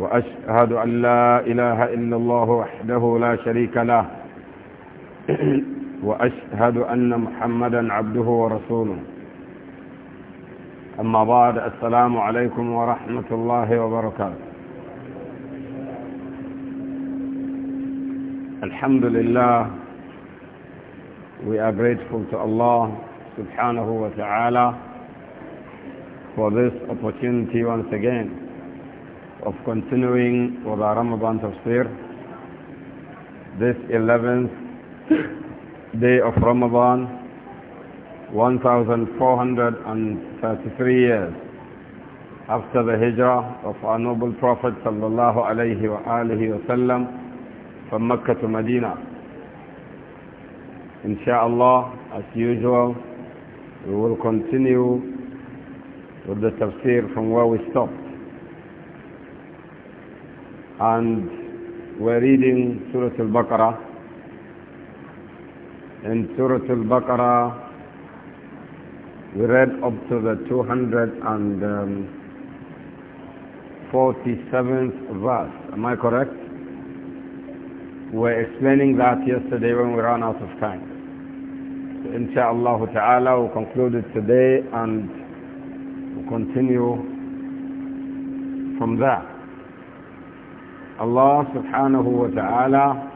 وأشهد أن لا إله إلا الله وحده لا شريك له وأشهد أن محمدا عبده ورسوله أما بعد السلام عليكم ورحمة الله وبركاته الحمد لله we are grateful to Allah subhanahu wa ta'ala for this opportunity once again of continuing with our Ramadan tafsir. This 11th day of Ramadan, 1433 years after the hijrah of our noble Prophet sallallahu alayhi wa alihi wa sallam from Mecca to Medina. Insha'Allah, as usual, we will continue with the tafsir from where we stopped and we're reading Surah Al-Baqarah. In Surah Al-Baqarah, we read up to the 247th verse. Am I correct? We were explaining that yesterday when we ran out of time. So insha'Allah ta'ala we'll conclude it today and we'll continue from there. Allah subhanahu wa ta'ala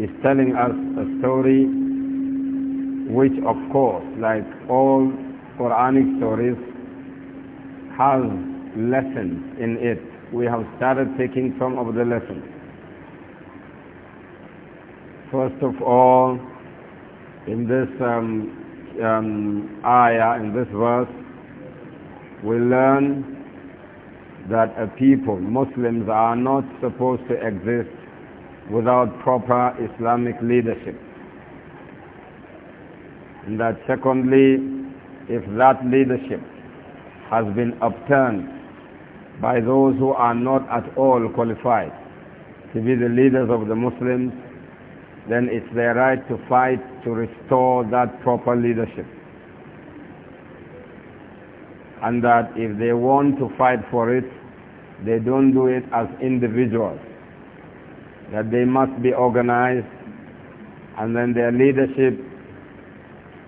is telling us a story which of course, like all Quranic stories, has lessons in it. We have started taking some of the lessons. First of all, in this um, um, ayah, in this verse, we learn that a people, Muslims, are not supposed to exist without proper Islamic leadership. And that secondly, if that leadership has been upturned by those who are not at all qualified to be the leaders of the Muslims, then it's their right to fight to restore that proper leadership and that if they want to fight for it, they don't do it as individuals. That they must be organized and then their leadership,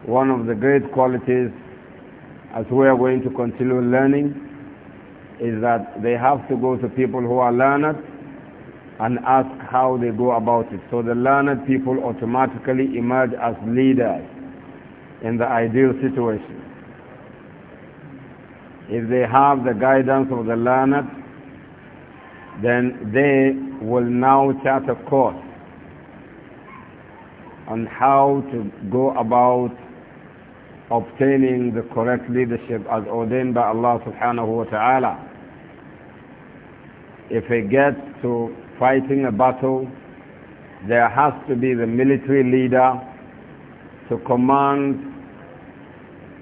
one of the great qualities as we are going to continue learning is that they have to go to people who are learned and ask how they go about it. So the learned people automatically emerge as leaders in the ideal situation if they have the guidance of the learned, then they will now chart a course on how to go about obtaining the correct leadership as ordained by Allah subhanahu wa ta'ala. If it gets to fighting a battle, there has to be the military leader to command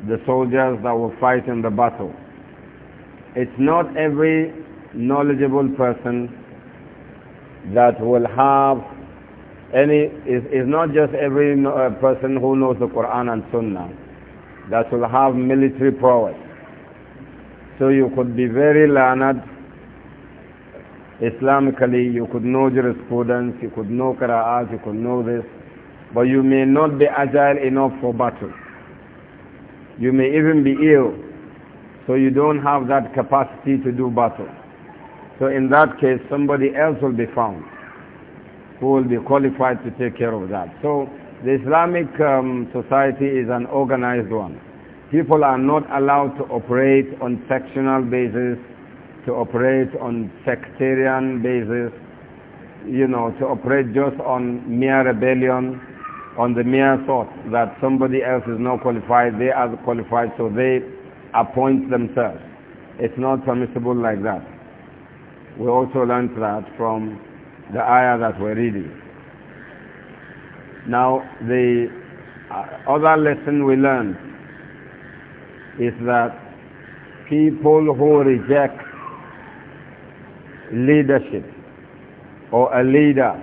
the soldiers that will fight in the battle. It's not every knowledgeable person that will have any, it's, not just every uh, person who knows the Quran and Sunnah that will have military prowess. So you could be very learned Islamically, you could know jurisprudence, you could know qira'at. you could know this, but you may not be agile enough for battle. You may even be ill so you don't have that capacity to do battle. So in that case, somebody else will be found who will be qualified to take care of that. So the Islamic um, society is an organized one. People are not allowed to operate on sectional basis, to operate on sectarian basis, you know, to operate just on mere rebellion, on the mere thought that somebody else is not qualified, they are qualified, so they appoint themselves. It's not permissible like that. We also learned that from the ayah that we're reading. Now, the uh, other lesson we learned is that people who reject leadership or a leader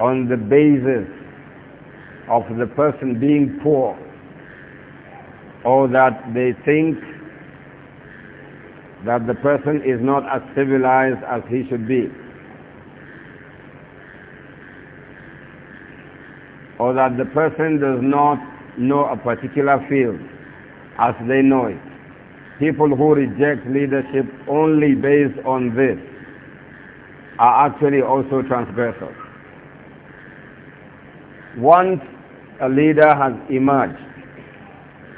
on the basis of the person being poor or that they think that the person is not as civilized as he should be. Or that the person does not know a particular field as they know it. People who reject leadership only based on this are actually also transgressors. Once a leader has emerged,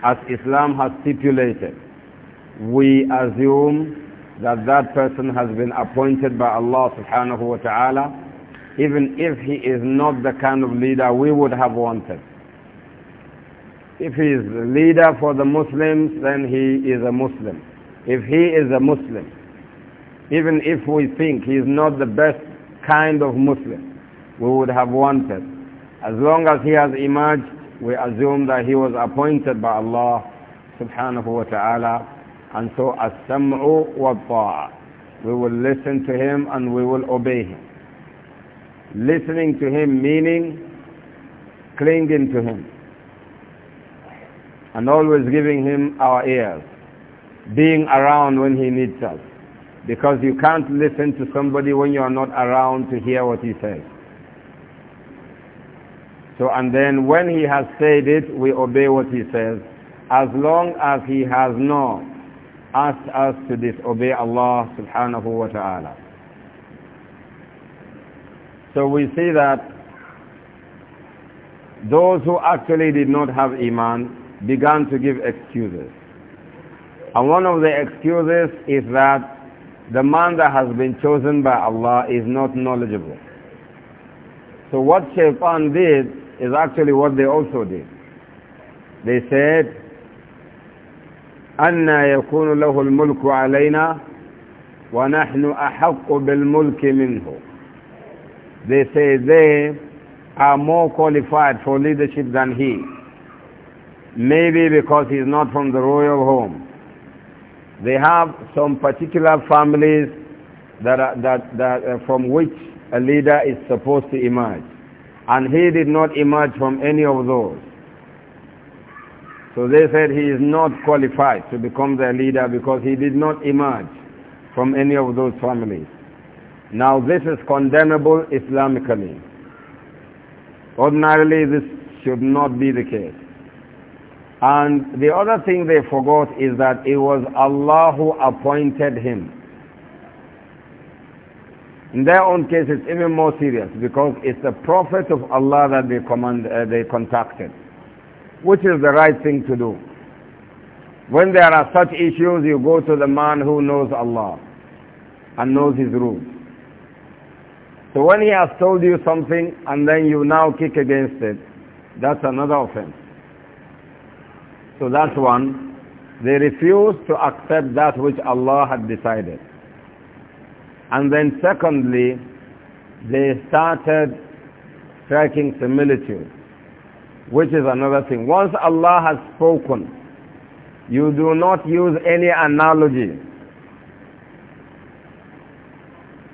as Islam has stipulated, we assume that that person has been appointed by Allah subhanahu wa ta'ala even if he is not the kind of leader we would have wanted. If he is the leader for the Muslims, then he is a Muslim. If he is a Muslim, even if we think he is not the best kind of Muslim we would have wanted, as long as he has emerged we assume that he was appointed by Allah subhanahu wa ta'ala and so as-sam'u wa we will listen to him and we will obey him listening to him meaning clinging to him and always giving him our ears being around when he needs us because you can't listen to somebody when you are not around to hear what he says so, and then when he has said it, we obey what he says. As long as he has not asked us to disobey Allah subhanahu wa ta'ala. So we see that those who actually did not have Iman began to give excuses. And one of the excuses is that the man that has been chosen by Allah is not knowledgeable. So what Shaitan did is actually what they also did. They said, أَنَّا يَكُونُ لَهُ الْمُلْكُ عَلَيْنَا وَنَحْنُ أَحَقُّ بِالْمُلْكِ مِنْهُ They say they are more qualified for leadership than he. Maybe because he is not from the royal home. They have some particular families that, are, that, that, uh, from which a leader is supposed to emerge and he did not emerge from any of those. So they said he is not qualified to become their leader because he did not emerge from any of those families. Now this is condemnable Islamically. Ordinarily this should not be the case. And the other thing they forgot is that it was Allah who appointed him. In their own case, it's even more serious because it's the Prophet of Allah that they, command, uh, they contacted, which is the right thing to do. When there are such issues, you go to the man who knows Allah and knows his rules. So when he has told you something and then you now kick against it, that's another offense. So that's one. They refused to accept that which Allah had decided. And then secondly, they started striking similitude, which is another thing. Once Allah has spoken, you do not use any analogy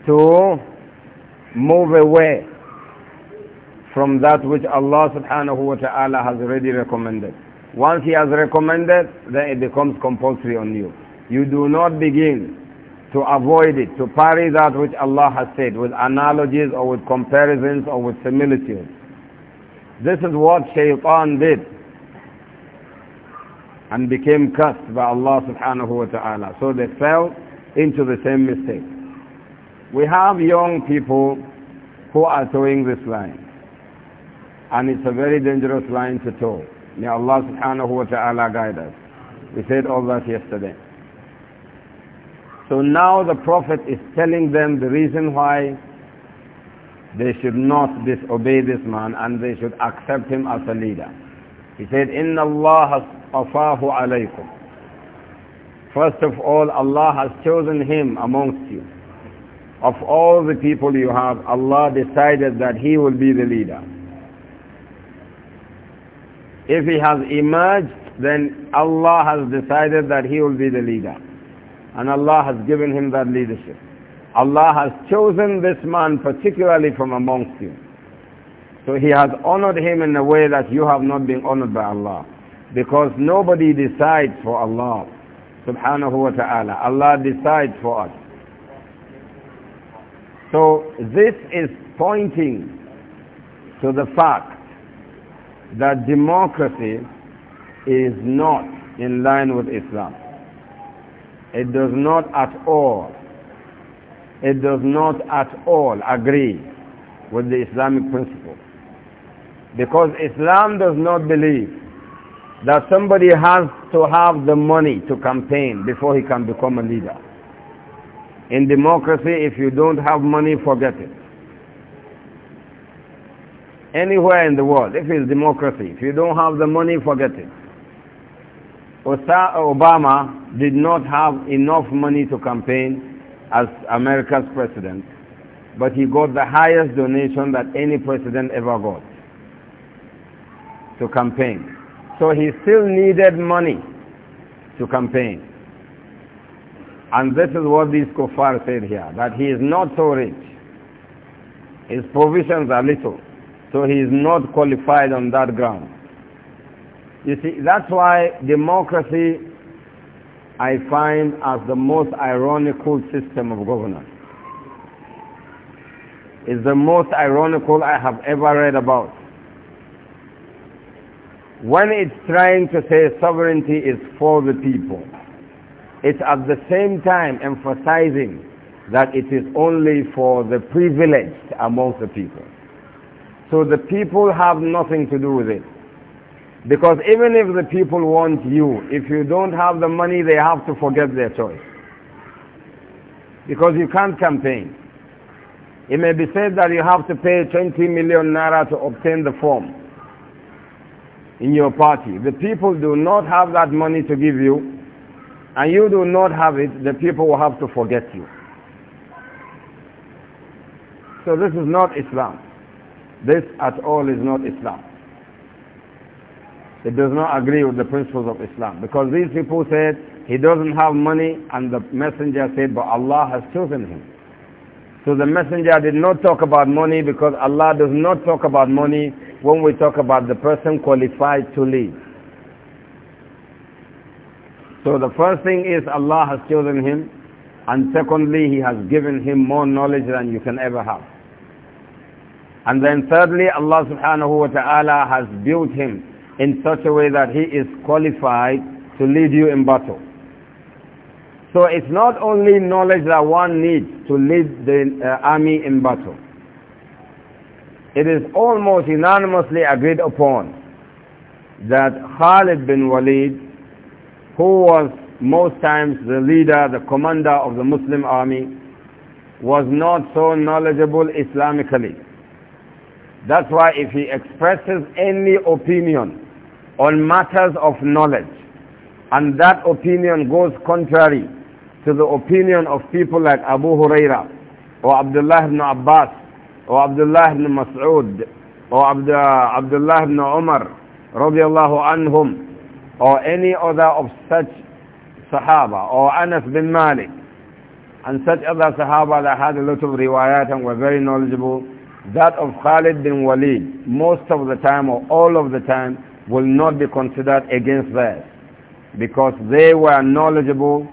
to move away from that which Allah subhanahu wa ta'ala has already recommended. Once He has recommended, then it becomes compulsory on you. You do not begin to avoid it, to parry that which Allah has said with analogies or with comparisons or with similitudes. This is what shaitan did and became cursed by Allah subhanahu wa ta'ala. So they fell into the same mistake. We have young people who are towing this line. And it's a very dangerous line to tow. May Allah subhanahu wa ta'ala guide us. We said all that yesterday. So now the Prophet is telling them the reason why they should not disobey this man and they should accept him as a leader. He said, إِنَّ اللَّهَ أَصَافُ عَلَيْكُمْ First of all, Allah has chosen him amongst you. Of all the people you have, Allah decided that he will be the leader. If he has emerged, then Allah has decided that he will be the leader and Allah has given him that leadership. Allah has chosen this man particularly from amongst you. So he has honored him in a way that you have not been honored by Allah. Because nobody decides for Allah subhanahu wa ta'ala. Allah decides for us. So this is pointing to the fact that democracy is not in line with Islam. It does not at all, it does not at all agree with the Islamic principle. Because Islam does not believe that somebody has to have the money to campaign before he can become a leader. In democracy, if you don't have money, forget it. Anywhere in the world, if it's democracy, if you don't have the money, forget it. Obama did not have enough money to campaign as America's president, but he got the highest donation that any president ever got to campaign. So he still needed money to campaign. And this is what this kofar said here, that he is not so rich. His provisions are little, so he is not qualified on that ground. You see, that's why democracy I find as the most ironical system of governance. It's the most ironical I have ever read about. When it's trying to say sovereignty is for the people, it's at the same time emphasizing that it is only for the privileged amongst the people. So the people have nothing to do with it. Because even if the people want you, if you don't have the money, they have to forget their choice. Because you can't campaign. It may be said that you have to pay 20 million naira to obtain the form in your party. The people do not have that money to give you, and you do not have it, the people will have to forget you. So this is not Islam. This at all is not Islam. It does not agree with the principles of Islam. Because these people said, he doesn't have money, and the messenger said, but Allah has chosen him. So the messenger did not talk about money because Allah does not talk about money when we talk about the person qualified to lead. So the first thing is Allah has chosen him and secondly he has given him more knowledge than you can ever have. And then thirdly Allah subhanahu wa ta'ala has built him in such a way that he is qualified to lead you in battle. So it's not only knowledge that one needs to lead the uh, army in battle. It is almost unanimously agreed upon that Khalid bin Walid, who was most times the leader, the commander of the Muslim army, was not so knowledgeable Islamically that's why if he expresses any opinion on matters of knowledge, and that opinion goes contrary to the opinion of people like Abu Huraira, or Abdullah ibn Abbas, or Abdullah ibn Mas'ud, or Abdullah ibn Umar, radiallahu anhum, or any other of such Sahaba, or Anas bin Malik, and such other Sahaba that had a lot of riwayat and were very knowledgeable that of Khalid bin Walid, most of the time or all of the time, will not be considered against theirs because they were knowledgeable,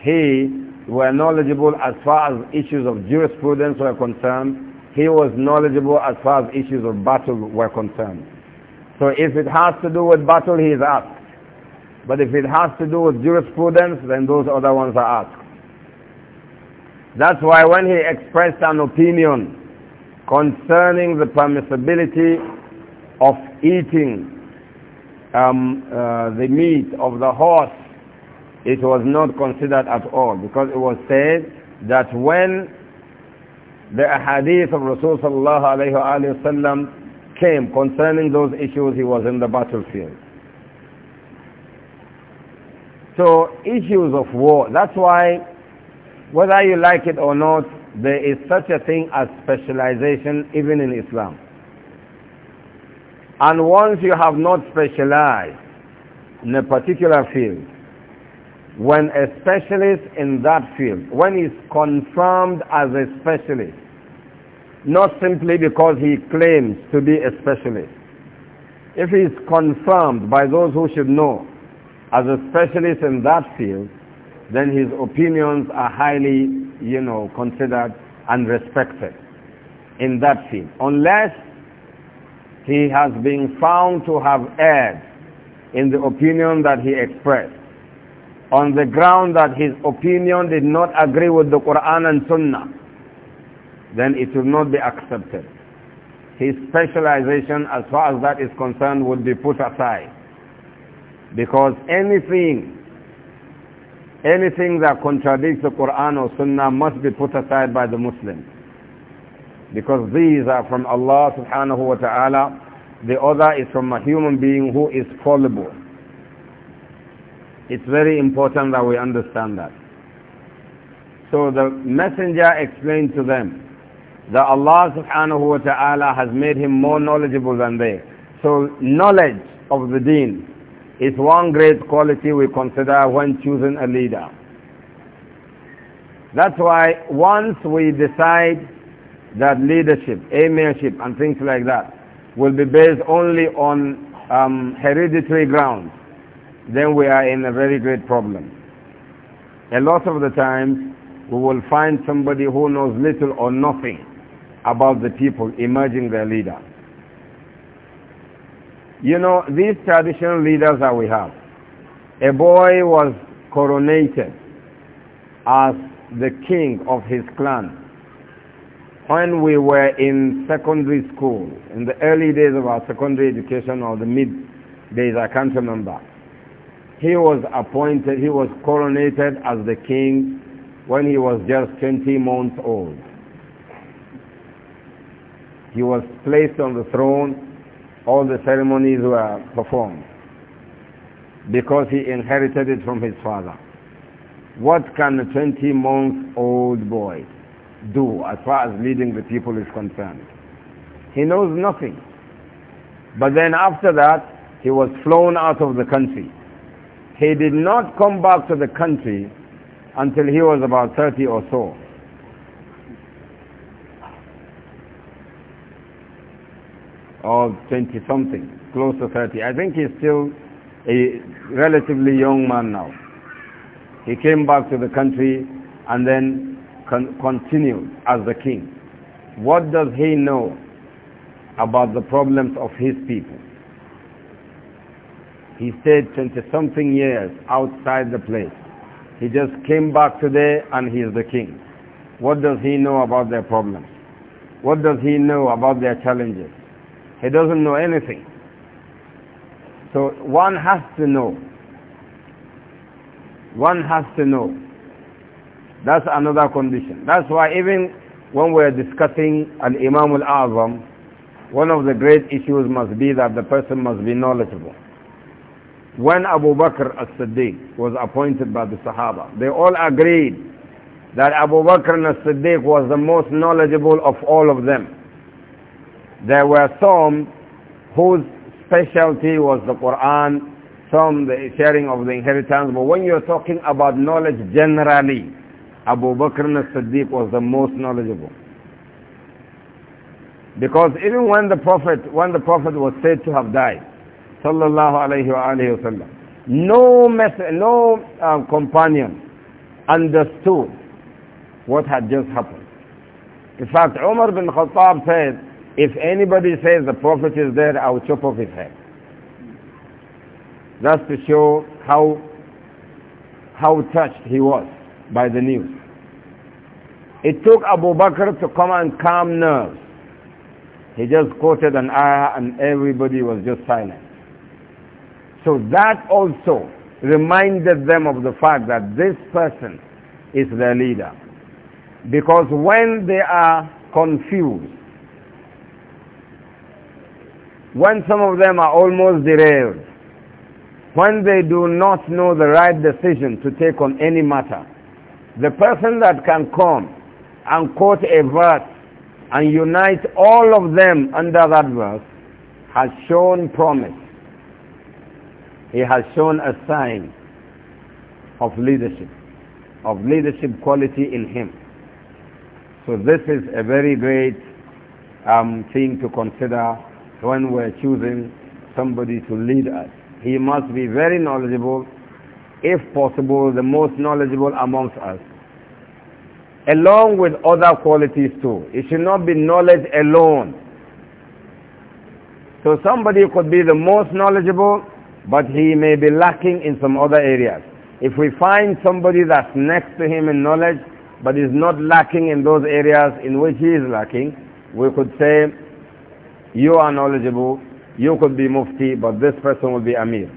he were knowledgeable as far as issues of jurisprudence were concerned, he was knowledgeable as far as issues of battle were concerned. So if it has to do with battle, he is asked. But if it has to do with jurisprudence, then those other ones are asked. That's why when he expressed an opinion concerning the permissibility of eating um, uh, the meat of the horse, it was not considered at all because it was said that when the hadith of Rasulullah came concerning those issues, he was in the battlefield. So issues of war, that's why whether you like it or not, there is such a thing as specialization even in Islam. And once you have not specialized in a particular field, when a specialist in that field, when he's confirmed as a specialist, not simply because he claims to be a specialist, if he is confirmed by those who should know as a specialist in that field, then his opinions are highly you know, considered and respected in that field. Unless he has been found to have erred in the opinion that he expressed on the ground that his opinion did not agree with the Quran and Sunnah, then it will not be accepted. His specialization as far as that is concerned would be put aside. Because anything anything that contradicts the Quran or Sunnah must be put aside by the Muslims. Because these are from Allah subhanahu wa ta'ala. The other is from a human being who is fallible. It's very important that we understand that. So the messenger explained to them that Allah subhanahu wa ta'ala has made him more knowledgeable than they. So knowledge of the deen is one great quality we consider when choosing a leader. That's why once we decide that leadership, amirship and things like that will be based only on um, hereditary grounds, then we are in a very great problem. A lot of the times we will find somebody who knows little or nothing about the people emerging their leader. You know, these traditional leaders that we have, a boy was coronated as the king of his clan when we were in secondary school, in the early days of our secondary education or the mid days, I can't remember. He was appointed, he was coronated as the king when he was just 20 months old. He was placed on the throne all the ceremonies were performed because he inherited it from his father. What can a 20-month-old boy do as far as leading the people is concerned? He knows nothing. But then after that, he was flown out of the country. He did not come back to the country until he was about 30 or so. or 20 something, close to 30. I think he's still a relatively young man now. He came back to the country and then con continued as the king. What does he know about the problems of his people? He stayed 20-something years outside the place. He just came back today and he is the king. What does he know about their problems? What does he know about their challenges? He doesn't know anything. So one has to know. One has to know. That's another condition. That's why even when we're discussing an imam Al-Azam, one of the great issues must be that the person must be knowledgeable. When Abu Bakr as-Siddiq was appointed by the Sahaba, they all agreed that Abu Bakr as-Siddiq was the most knowledgeable of all of them. There were some whose specialty was the Quran, some the sharing of the inheritance. But when you're talking about knowledge generally, Abu Bakr as-Siddiq was the most knowledgeable. Because even when the Prophet, when the Prophet was said to have died, sallallahu alayhi wa alayhi wa sallam, no, method, no um, companion understood what had just happened. In fact, Umar bin Khattab said, if anybody says the Prophet is dead, I will chop off his head. Just to show how, how touched he was by the news. It took Abu Bakr to come and calm nerves. He just quoted an ayah and everybody was just silent. So that also reminded them of the fact that this person is their leader. Because when they are confused, when some of them are almost derailed, when they do not know the right decision to take on any matter, the person that can come and quote a verse and unite all of them under that verse has shown promise. He has shown a sign of leadership, of leadership quality in him. So this is a very great um, thing to consider when we're choosing somebody to lead us. He must be very knowledgeable, if possible, the most knowledgeable amongst us. Along with other qualities too. It should not be knowledge alone. So somebody could be the most knowledgeable, but he may be lacking in some other areas. If we find somebody that's next to him in knowledge, but is not lacking in those areas in which he is lacking, we could say you are knowledgeable, you could be mufti, but this person will be amir.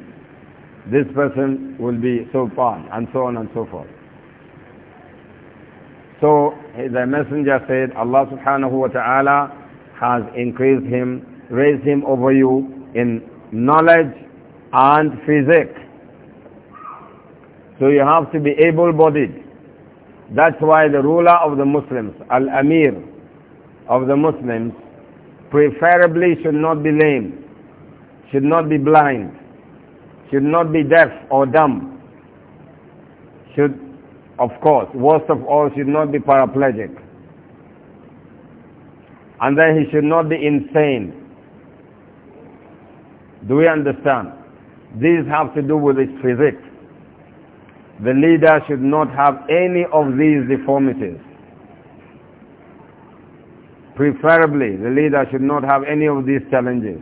This person will be sultan, and so on and so forth. So the messenger said, Allah subhanahu wa ta'ala has increased him, raised him over you in knowledge and physique. So you have to be able-bodied. That's why the ruler of the Muslims, Al-Amir of the Muslims, Preferably should not be lame, should not be blind, should not be deaf or dumb, should, of course, worst of all, should not be paraplegic. And then he should not be insane. Do we understand? These have to do with his physics. The leader should not have any of these deformities. Preferably, the leader should not have any of these challenges.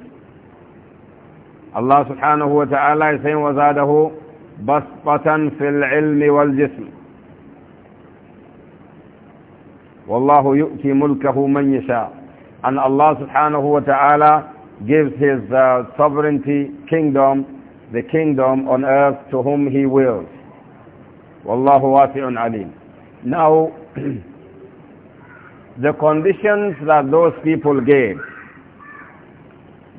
Allah subhanahu wa ta'ala is saying, وَزَادَهُ بَسْطَةً فِي الْعِلْمِ وَالْجِسْمِ وَاللَّهُ يُؤْتِي مُلْكَهُ مَنْ يَشَاءُ And Allah subhanahu wa ta'ala gives His uh, sovereignty, kingdom, the kingdom on earth to whom He wills. وَاللَّهُ وَاسِعٌ عَلِيمٌ Now, the conditions that those people gave,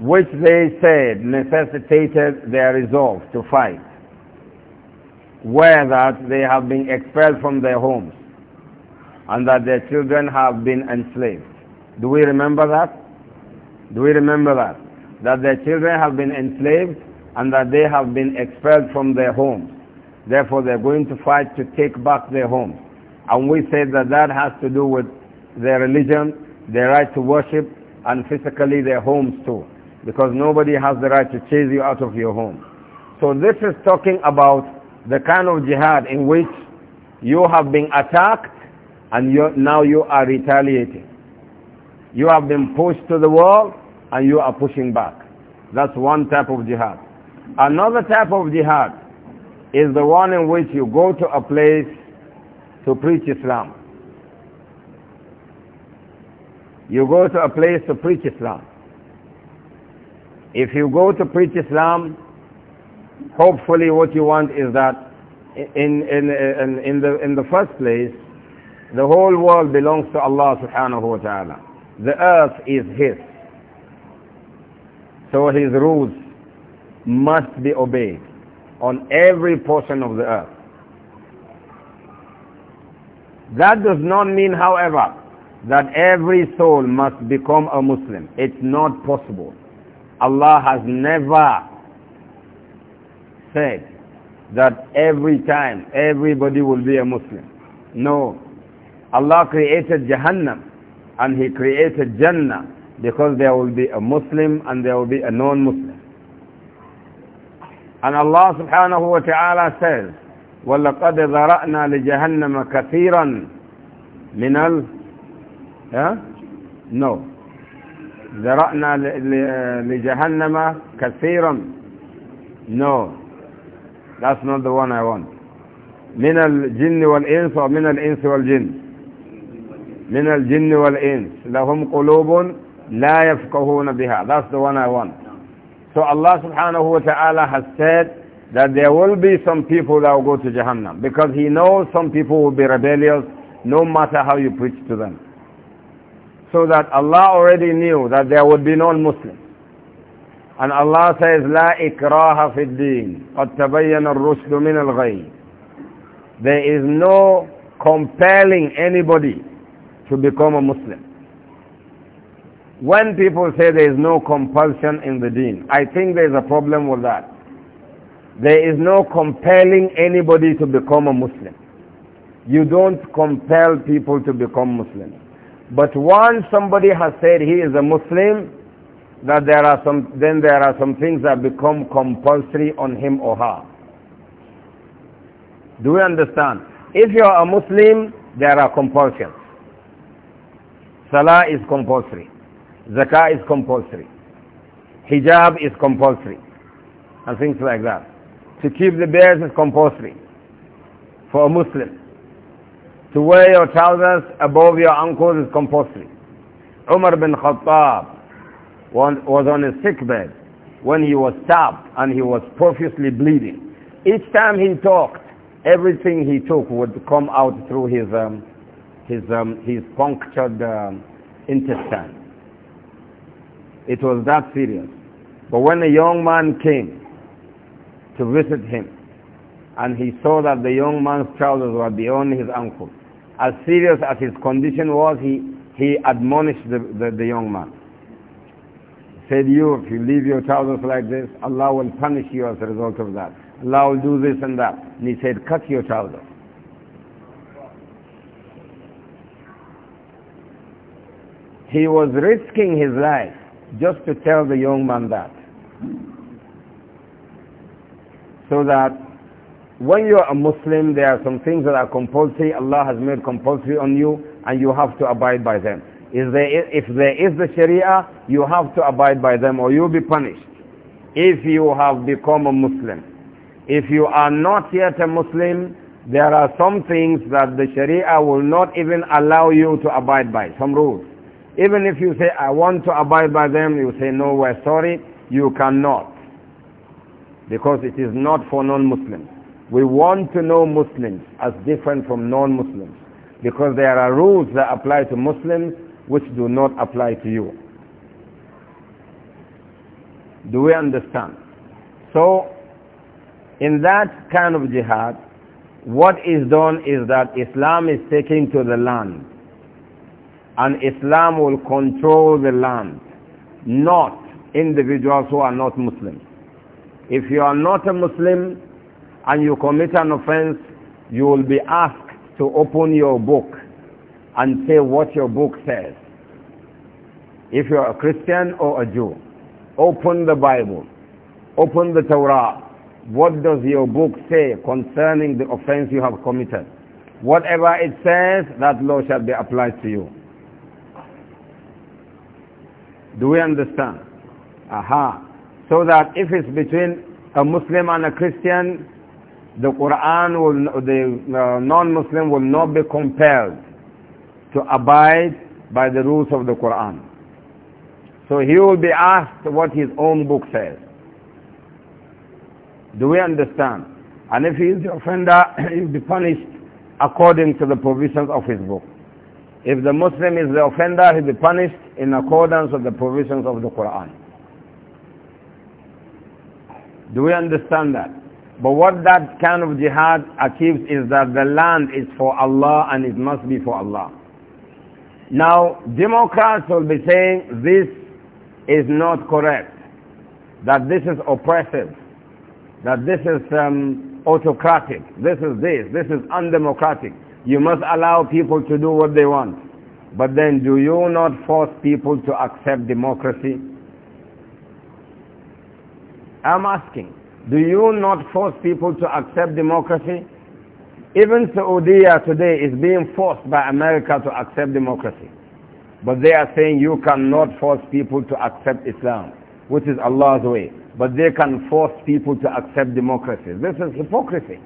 which they said necessitated their resolve to fight, were that they have been expelled from their homes and that their children have been enslaved. Do we remember that? Do we remember that? That their children have been enslaved and that they have been expelled from their homes. Therefore, they're going to fight to take back their homes. And we said that that has to do with their religion, their right to worship, and physically their homes too. Because nobody has the right to chase you out of your home. So this is talking about the kind of jihad in which you have been attacked and now you are retaliating. You have been pushed to the wall and you are pushing back. That's one type of jihad. Another type of jihad is the one in which you go to a place to preach Islam. You go to a place to preach Islam. If you go to preach Islam, hopefully what you want is that in, in, in, in, the, in the first place, the whole world belongs to Allah subhanahu wa ta'ala. The earth is His. So His rules must be obeyed on every portion of the earth. That does not mean, however, that every soul must become a Muslim. It's not possible. Allah has never said that every time everybody will be a Muslim. No. Allah created Jahannam and He created Jannah because there will be a Muslim and there will be a non-Muslim. And Allah subhanahu wa ta'ala says, وَلَقَدْ ذَرَأْنَا لِجَهَنَّمَ كَثِيرًا مِنَ الْمُسْلِمِينَ yeah, No. ذرأنا لجهنم كثيرا No. That's not the one I want. من الجن والإنس أو من الإنس والجن من الجن والإنس لهم قلوب لا يفقهون بها That's the one I want. So Allah subhanahu wa ta'ala has said that there will be some people that will go to Jahannam because He knows some people will be rebellious no matter how you preach to them. So that Allah already knew that there would be non-Muslims. And Allah says, لا إكراه في الدين قد تبين الرشد من الغي There is no compelling anybody to become a Muslim. When people say there is no compulsion in the deen, I think there is a problem with that. There is no compelling anybody to become a Muslim. You don't compel people to become Muslims. But once somebody has said he is a Muslim, that there are some, then there are some things that become compulsory on him or her. Do you understand? If you are a Muslim, there are compulsions. Salah is compulsory. Zakah is compulsory. Hijab is compulsory. And things like that. To keep the bears is compulsory for a Muslim. To wear your trousers above your ankles is compulsory. Umar bin Khattab was on a sick bed when he was stabbed and he was profusely bleeding. Each time he talked, everything he took would come out through his, um, his, um, his punctured um, intestine. It was that serious. But when a young man came to visit him, and he saw that the young man's trousers were beyond his ankles, as serious as his condition was, he, he admonished the, the, the young man. Said, you, if you leave your trousers like this, Allah will punish you as a result of that. Allah will do this and that. And he said, cut your trousers. He was risking his life just to tell the young man that. So that when you are a Muslim, there are some things that are compulsory, Allah has made compulsory on you, and you have to abide by them. If there is, if there is the Sharia, you have to abide by them or you'll be punished. If you have become a Muslim. If you are not yet a Muslim, there are some things that the Sharia will not even allow you to abide by, some rules. Even if you say, I want to abide by them, you say, no, we're sorry, you cannot. Because it is not for non-Muslims. We want to know Muslims as different from non-Muslims because there are rules that apply to Muslims which do not apply to you. Do we understand? So, in that kind of jihad, what is done is that Islam is taken to the land. And Islam will control the land, not individuals who are not Muslims. If you are not a Muslim, and you commit an offense, you will be asked to open your book and say what your book says. If you are a Christian or a Jew, open the Bible, open the Torah. What does your book say concerning the offense you have committed? Whatever it says, that law shall be applied to you. Do we understand? Aha. So that if it's between a Muslim and a Christian, the Quran will, the uh, non-Muslim will not be compelled to abide by the rules of the Quran. So he will be asked what his own book says. Do we understand? And if he is the offender, he will be punished according to the provisions of his book. If the Muslim is the offender, he will be punished in accordance with the provisions of the Quran. Do we understand that? But what that kind of jihad achieves is that the land is for Allah and it must be for Allah. Now, Democrats will be saying this is not correct, that this is oppressive, that this is um, autocratic, this is this, this is undemocratic. You must allow people to do what they want. But then do you not force people to accept democracy? I'm asking. Do you not force people to accept democracy? Even Saudi today is being forced by America to accept democracy. But they are saying you cannot force people to accept Islam, which is Allah's way. But they can force people to accept democracy. This is hypocrisy.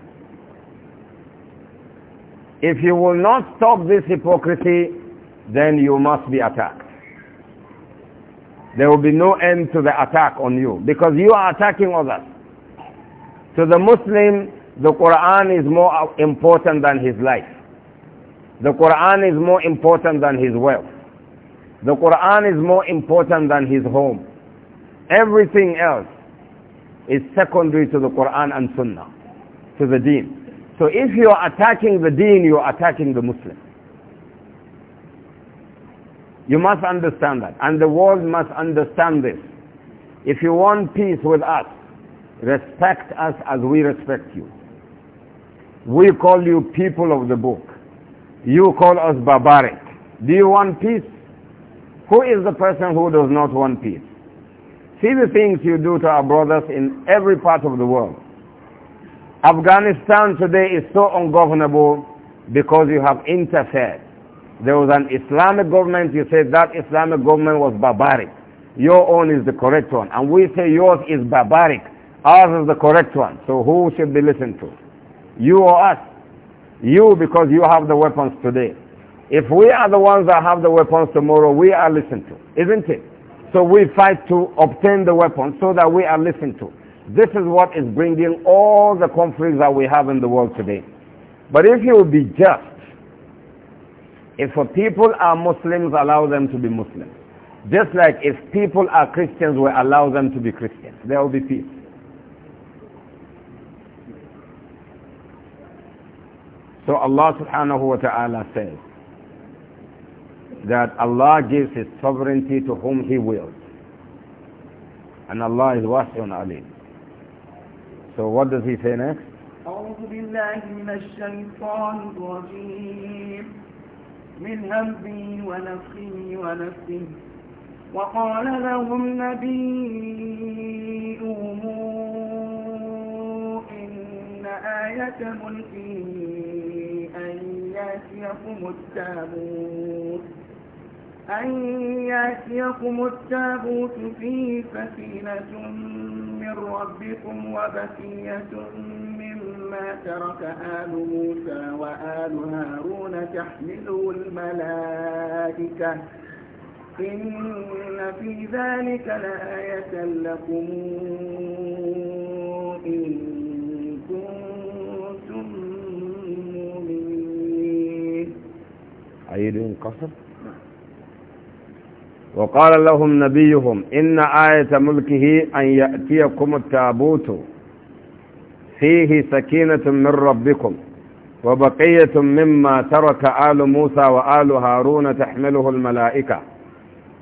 If you will not stop this hypocrisy, then you must be attacked. There will be no end to the attack on you because you are attacking others. To the Muslim, the Quran is more important than his life. The Quran is more important than his wealth. The Quran is more important than his home. Everything else is secondary to the Quran and Sunnah, to the deen. So if you're attacking the deen, you're attacking the Muslim. You must understand that. And the world must understand this. If you want peace with us, Respect us as we respect you. We call you people of the book. You call us barbaric. Do you want peace? Who is the person who does not want peace? See the things you do to our brothers in every part of the world. Afghanistan today is so ungovernable because you have interfered. There was an Islamic government, you said that Islamic government was barbaric. Your own is the correct one. And we say yours is barbaric Ours is the correct one. So who should be listened to? You or us? You because you have the weapons today. If we are the ones that have the weapons tomorrow, we are listened to, isn't it? So we fight to obtain the weapons so that we are listened to. This is what is bringing all the conflicts that we have in the world today. But if you be just, if people are Muslims, allow them to be Muslims. Just like if people are Christians, we allow them to be Christians. There will be peace. So Allah subhanahu wa ta'ala says that Allah gives His sovereignty to whom He wills. And Allah is wasi'un alim. So what does He say next? من ونفخه ونفسه وقال لهم نبيهم إن آية يأتيكم التابوت أن يأتيكم التابوت فيه فتيلة من ربكم وبكية مما ترك آل موسى وآل هارون تحمله الملائكة إن في ذلك لآية لكم إن كنتم أيد قصر وقال لهم نبيهم إن آية ملكه أن يأتيكم التابوت فيه سكينة من ربكم وبقية مما ترك آل موسى وآل هارون تحمله الملائكة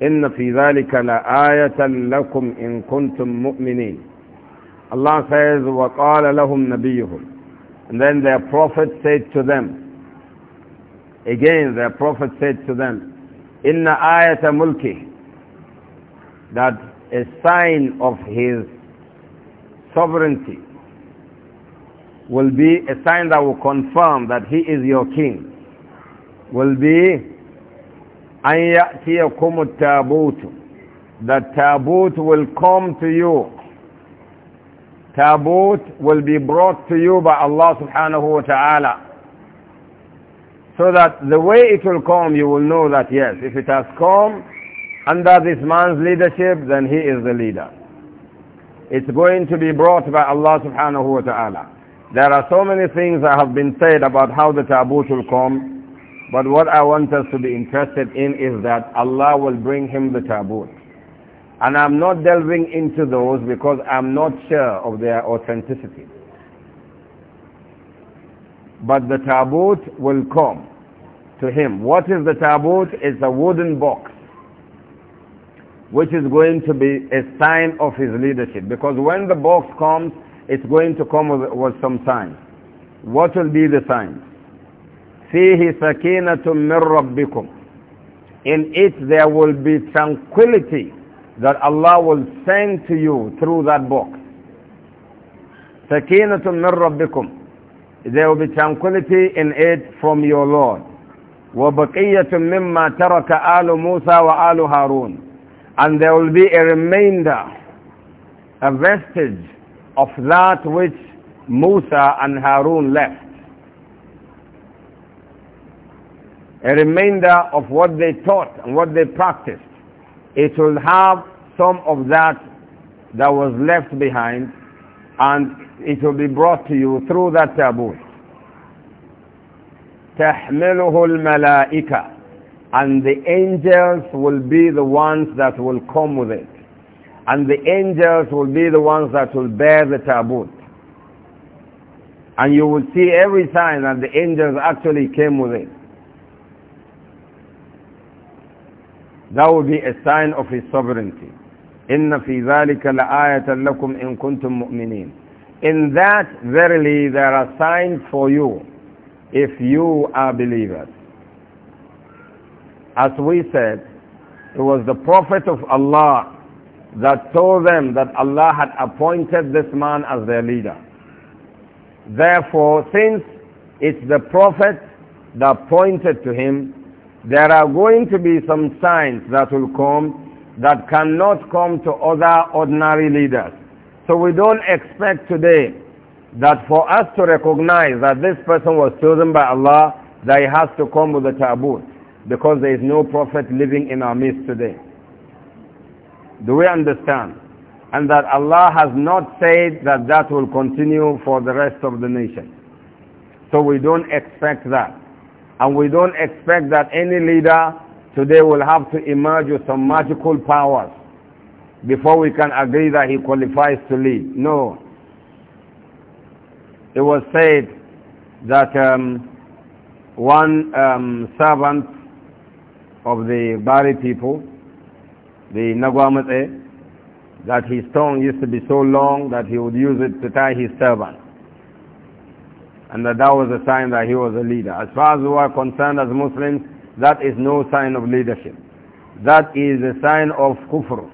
إن في ذلك لآية لكم إن كنتم مؤمنين الله says وقال لهم نبيهم and then their prophet said to them Again, the Prophet said to them, Inna ayata mulki, that a sign of his sovereignty will be a sign that will confirm that he is your king, will be أن يأتيكم التابوت The taboot will come to you. Taboot will be brought to you by Allah subhanahu wa ta'ala. So that the way it will come, you will know that yes, if it has come under this man's leadership, then he is the leader. It's going to be brought by Allah subhanahu wa ta'ala. There are so many things that have been said about how the taboot will come, but what I want us to be interested in is that Allah will bring him the taboot. And I'm not delving into those because I'm not sure of their authenticity but the taboot will come to him. What is the taboot? It's a wooden box which is going to be a sign of his leadership because when the box comes, it's going to come with, with some signs. What will be the signs? فيه سكينة من ربكم In it there will be tranquility that Allah will send to you through that box. سكينة من ربكم there will be tranquility in it from your Lord. وَبَقِيَّةٌ مِمَّا تَرَكَ آلُ مُوسَى وَآلُ هَارُونَ And there will be a remainder, a vestige of that which Musa and Harun left. A remainder of what they taught and what they practiced. It will have some of that that was left behind and it will be brought to you through that tabut. تحمله الملائكة and the angels will be the ones that will come with it. And the angels will be the ones that will bear the tabut. And you will see every time that the angels actually came with it. That will be a sign of his sovereignty. In that verily there are signs for you if you are believers. As we said, it was the Prophet of Allah that told them that Allah had appointed this man as their leader. Therefore, since it's the Prophet that pointed to him, there are going to be some signs that will come that cannot come to other ordinary leaders. So we don't expect today that for us to recognize that this person was chosen by Allah, that he has to come with a taboot because there is no prophet living in our midst today. Do we understand? And that Allah has not said that that will continue for the rest of the nation. So we don't expect that. And we don't expect that any leader today will have to emerge with some magical powers before we can agree that he qualifies to lead. No. It was said that um, one um, servant of the Bari people, the Nagwamate, eh, that his tongue used to be so long that he would use it to tie his turban. And that that was a sign that he was a leader. As far as we are concerned as Muslims, that is no sign of leadership. That is a sign of kufr.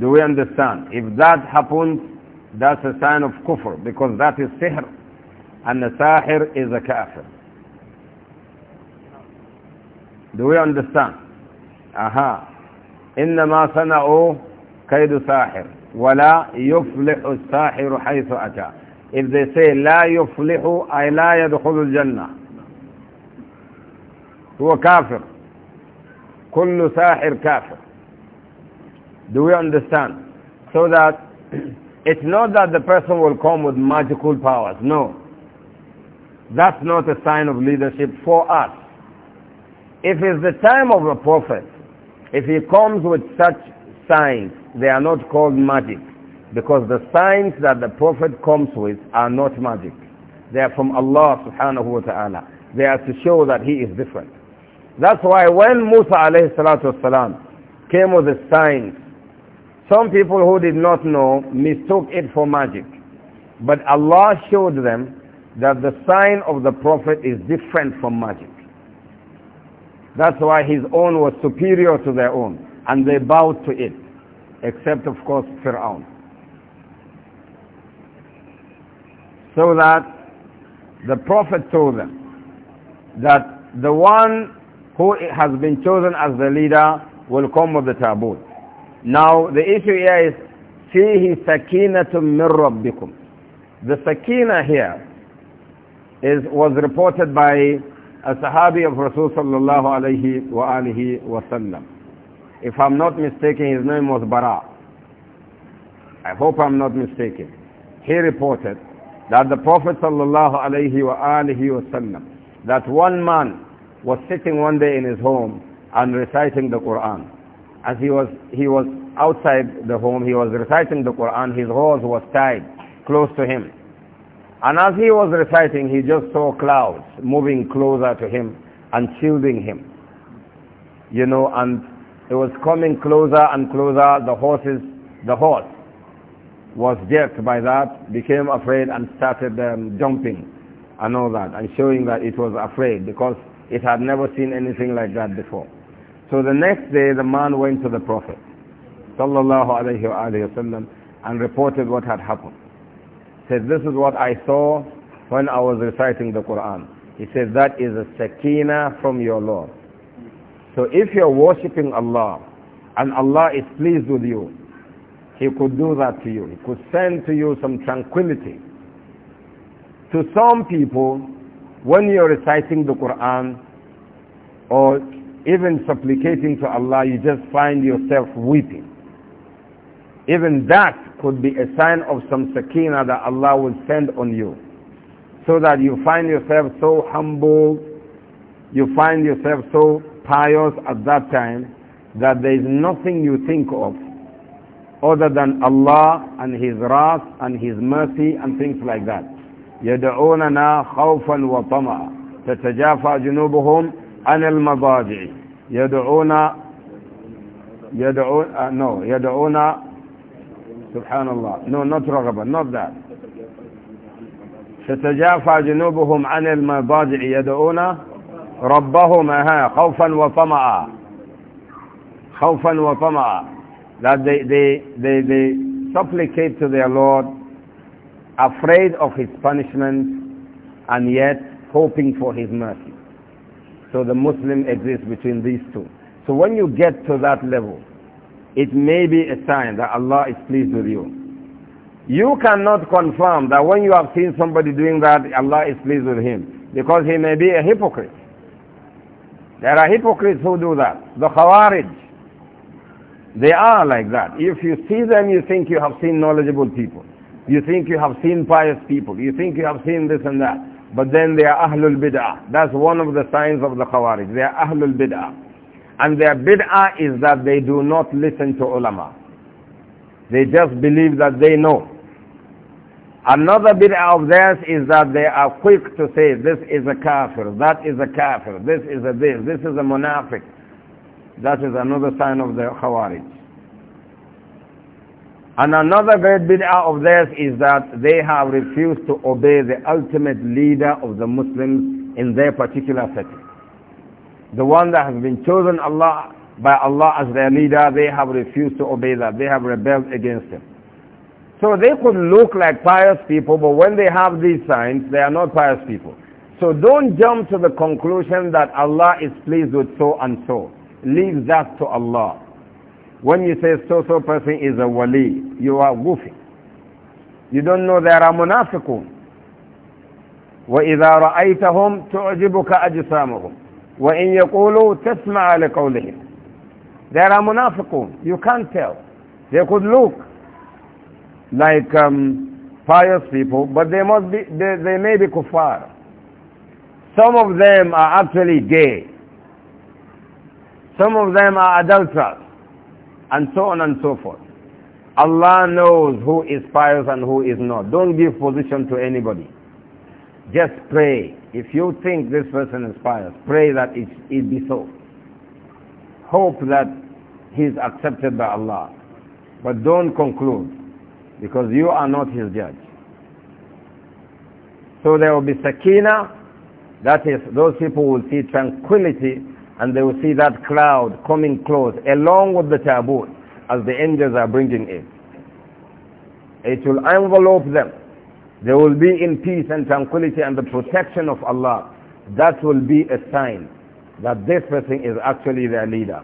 Do we understand? If that happens, that's a sign of kufr because that is sihr. And the sahir is a kafir. Do we understand? Aha. إنما صنعوا كيد ساحر ولا يفلح الساحر حيث أتى. If they say لا يفلح أي لا يدخل الجنة هو كافر كل ساحر كافر do we understand so that it's not that the person will come with magical powers no that's not a sign of leadership for us if it's the time of a prophet if he comes with such signs they are not called magic because the signs that the prophet comes with are not magic they are from Allah subhanahu wa ta'ala they are to show that he is different that's why when Musa alayhi salatu wasalam came with the sign, some people who did not know mistook it for magic. But Allah showed them that the sign of the Prophet is different from magic. That's why his own was superior to their own. And they bowed to it. Except of course Fir'aun. So that the Prophet told them that the one who has been chosen as the leader will come with the tabut. Now the issue here is sakina to من ربكم. The sakina here is, was reported by a sahabi of Rasul sallallahu alayhi wa alihi wa sallam. If I'm not mistaken, his name was Bara. I hope I'm not mistaken. He reported that the Prophet sallallahu alayhi wa alihi wa sallam, that one man was sitting one day in his home and reciting the Quran. As he was, he was outside the home, he was reciting the Quran, his horse was tied close to him. And as he was reciting, he just saw clouds moving closer to him and shielding him. You know, and it was coming closer and closer, the horses, the horse was jerked by that, became afraid and started um, jumping and all that, and showing that it was afraid because it had never seen anything like that before. So the next day, the man went to the Prophet sallallahu alayhi wasallam and reported what had happened. He said, this is what I saw when I was reciting the Quran. He said, that is a sakina from your Lord. So if you're worshipping Allah and Allah is pleased with you, He could do that to you. He could send to you some tranquility. To some people, when you're reciting the Quran or even supplicating to Allah, you just find yourself weeping. Even that could be a sign of some sakina that Allah will send on you. So that you find yourself so humble, you find yourself so pious at that time that there is nothing you think of other than Allah and His wrath and His mercy and things like that. يدعوننا خوفا وطمعا تتجافى جنوبهم عن المضاجع يدعون يدعون uh, آه، no يدعون سبحان الله نو نوت رغبة نوت ذات تتجافى جنوبهم عن المضاجع يدعون ربهم ها آه، خوفا وطمعا خوفا وطمعا that they they they they supplicate to their Lord afraid of his punishment and yet hoping for his mercy. So the Muslim exists between these two. So when you get to that level, it may be a sign that Allah is pleased with you. You cannot confirm that when you have seen somebody doing that, Allah is pleased with him. Because he may be a hypocrite. There are hypocrites who do that. The Khawarij. They are like that. If you see them, you think you have seen knowledgeable people. You think you have seen pious people. You think you have seen this and that. But then they are Ahlul Bid'ah. That's one of the signs of the Khawarij. They are Ahlul Bid'ah. And their Bid'ah is that they do not listen to ulama. They just believe that they know. Another bid'ah of theirs is that they are quick to say, this is a kafir, that is a kafir, this is a this, this is a munafiq. That is another sign of the khawarij. And another great bid'ah of theirs is that they have refused to obey the ultimate leader of the Muslims in their particular setting. The one that has been chosen Allah by Allah as their leader, they have refused to obey that. They have rebelled against him. So they could look like pious people, but when they have these signs, they are not pious people. So don't jump to the conclusion that Allah is pleased with so and so. Leave that to Allah. When you say so-so person is a wali, you are goofy. You don't know there are munafiqun. وَإِذَا رَأَيْتَهُمْ تُعْجِبُكَ أَجْسَامُهُمْ وَإِنْ يَقُولُوا تَسْمَعَ لِقَوْلِهِمْ There are munafiqun. You can't tell. They could look like um, pious people, but they, must be, they, they may be kuffar. Some of them are actually gay. Some of them are adulterers and so on and so forth. Allah knows who is pious and who is not. Don't give position to anybody. Just pray. If you think this person is pious, pray that it, it be so. Hope that he is accepted by Allah. But don't conclude because you are not his judge. So there will be sakina, that is, those people will see tranquility and they will see that cloud coming close along with the taboot as the angels are bringing it. It will envelop them. They will be in peace and tranquility and the protection of Allah. That will be a sign that this person is actually their leader.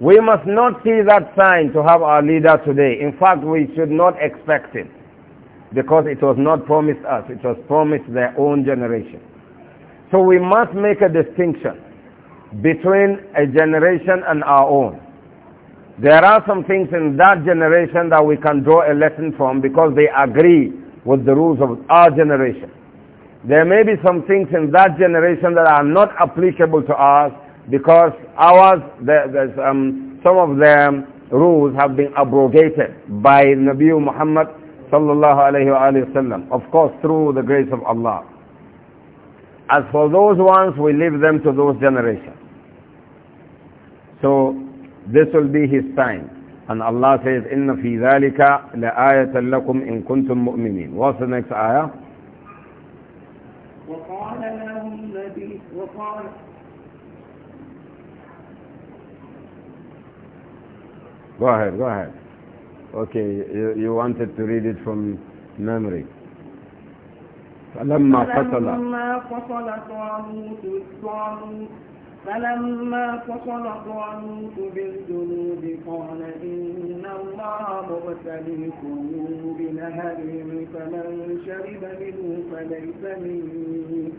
We must not see that sign to have our leader today. In fact, we should not expect it because it was not promised us. It was promised their own generation. So we must make a distinction between a generation and our own. There are some things in that generation that we can draw a lesson from because they agree with the rules of our generation. There may be some things in that generation that are not applicable to us because ours, there's, um, some of the rules have been abrogated by Nabi Muhammad sallallahu alayhi wa Of course, through the grace of Allah. As for those ones, we leave them to those generations. This will be his sign. And Allah says, إِنَّ فِي ذَلِكَ لَآيَةً لَكُمْ إِن كُنْتُم مُؤْمِنِينَ What's the next ayah? وقال لهم الذي وقال Go ahead, go ahead. Okay, you, you wanted to read it from memory. فلما فصل فلما فصل طالوت فلما فصل طالوت بالجنود قال إن الله مبتليكم بنهر فمن شرب منه فليس مني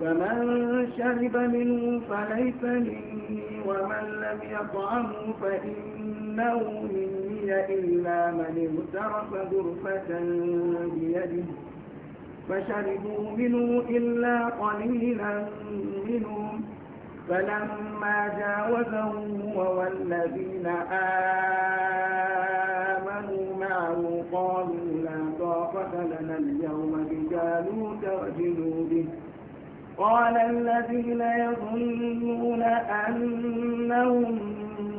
فمن شرب منه فليس مني ومن لم يطعمه فإنه مني إلا من اغترف غرفة بيده فشربوا منه إلا قليلا منهم فلما جاوزوا هو والذين آمنوا معه قالوا لا طاقة لنا اليوم بجالوت وجنوده قال الذين يظنون أنهم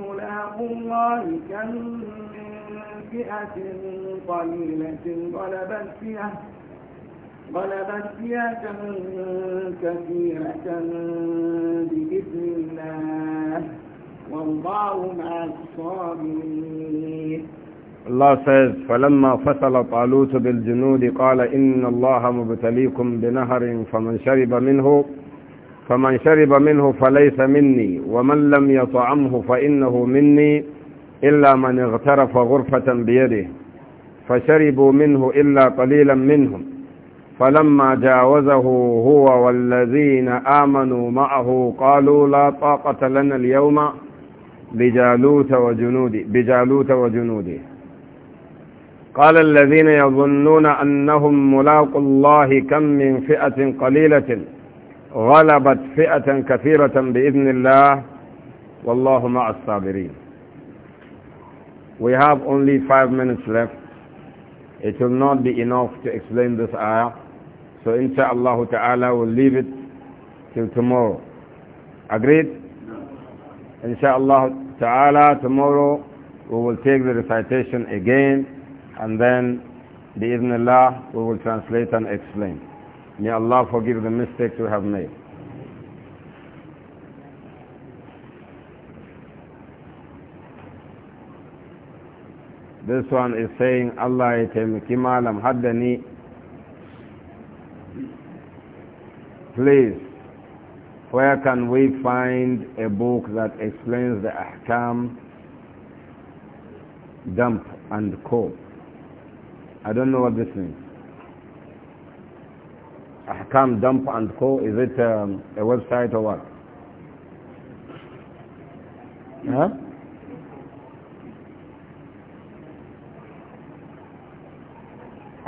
ملاقوا الله كم من فئة قليلة غلبت فئة غلبت فئة كثيرة بإذن الله والله مع الصابرين الله says فلما فصل طالوت بالجنود قال إن الله مبتليكم بنهر فمن شرب منه فمن شرب منه فليس مني ومن لم يطعمه فإنه مني إلا من اغترف غرفة بيده فشربوا منه إلا قليلا منهم فلما جاوزه هو والذين آمنوا معه قالوا لا طاقة لنا اليوم بجالوت وجنودي بجالوت وجنودي قال الذين يظنون أنهم ملاقوا الله كم من فئة قليلة غلبت فئة كثيرة بإذن الله والله مع الصابرين We have only five minutes left. It will not be enough to explain this ayah. So insha'Allah ta'ala we'll leave it till tomorrow. Agreed? Insha'Allah ta'ala tomorrow we will take the recitation again and then bi'idhnillah we will translate and explain. May Allah forgive the mistakes we have made. This one is saying Allah ya taimaki malam haddani place where can we find a book that explains the ahkam dump and co? i don't know what this means ahkam dump and co is it um, a website or what huh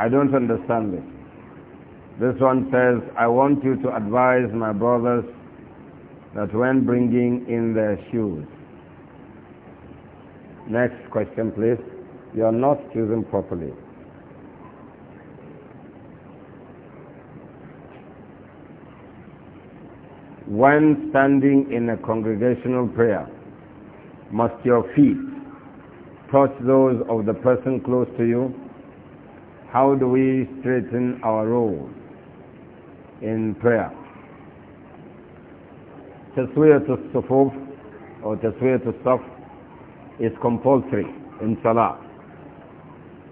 i don't understand this this one says, I want you to advise my brothers that when bringing in their shoes. Next question, please. You are not choosing properly. When standing in a congregational prayer, must your feet touch those of the person close to you? How do we straighten our roles? in prayer. to Sufuf or to Saf is compulsory in Salah.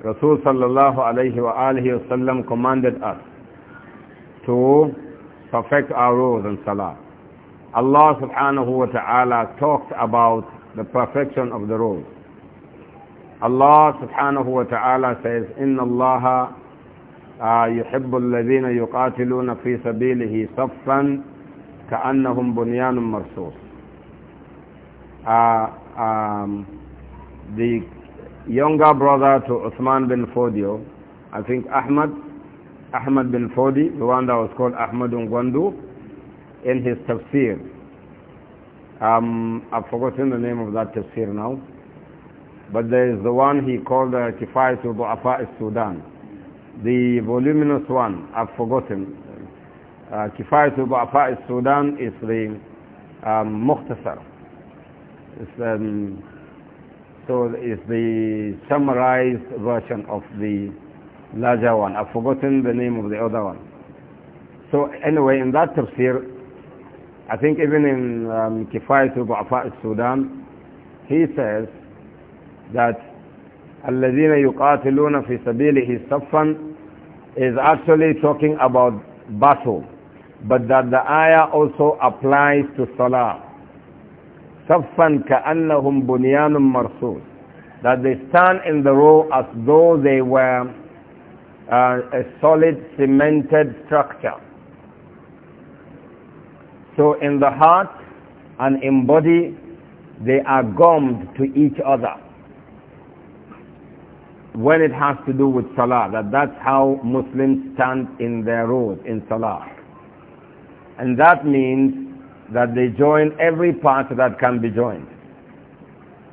Rasul sallallahu alayhi wa alihi commanded us to perfect our rows in Salah. Allah subhanahu wa ta'ala talked about the perfection of the rows. Allah subhanahu wa ta'ala says, إِنَّ اللَّهَ يحب الذين يقاتلون في سبيله صفا كأنهم بنيان مرصوص the younger brother to Uthman bin Fodio I think Ahmad Ahmad bin Fodi the one that was called Ahmad Ngwandu in his tafsir um, I've forgotten the name of that tafsir now but there is the one he called uh, Kifayatul Du'afa Sudan the voluminous one, I've forgotten. Uh, Kifayatul Ba'afa is Sudan, is the um, Mukhtasar. It's, um, so it's the summarized version of the larger one. I've forgotten the name of the other one. So anyway, in that tafsir, I think even in um, Kifayatul Ba'afa al-Sudan, he says that الذين يقاتلون في سبيله صفا is actually talking about battle but that the ayah also applies to salah صفا كأنهم بنيان مرصوص that they stand in the row as though they were uh, a solid cemented structure so in the heart and in body they are gummed to each other when it has to do with salah, that that's how Muslims stand in their rows in salah. And that means that they join every part that can be joined.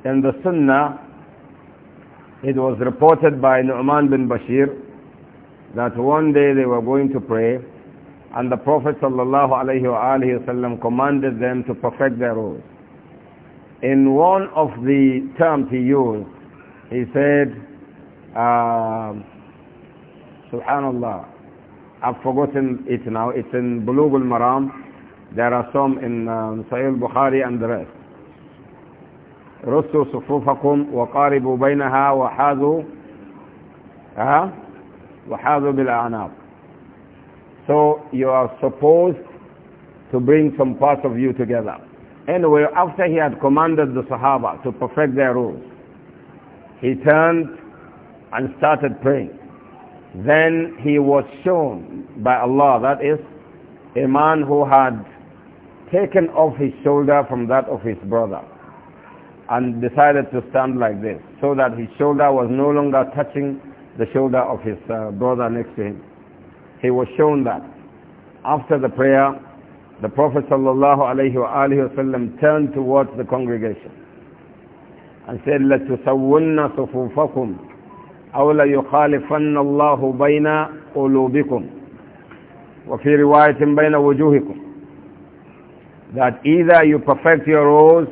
In the sunnah, it was reported by Nu'man bin Bashir that one day they were going to pray and the Prophet ﷺ commanded them to perfect their rows. In one of the terms he used, he said, um, subhanallah, I've forgotten it now. It's in Bulugh al-Maram. There are some in um, Sahih bukhari and the rest. رصوا صفوفكم وقاربوا بينها وحاذوا ها وحاذوا بالأعناق so you are supposed to bring some parts of you together anyway after he had commanded the Sahaba to perfect their rules he turned and started praying. Then he was shown by Allah, that is, a man who had taken off his shoulder from that of his brother and decided to stand like this so that his shoulder was no longer touching the shoulder of his uh, brother next to him. He was shown that. After the prayer, the Prophet ﷺ turned towards the congregation and said, لَتُسَوُّنَّ صُفُوفَكُمْ أو ليخالفن الله بين قلوبكم وفي رواية بين وجوهكم that either you perfect your rules,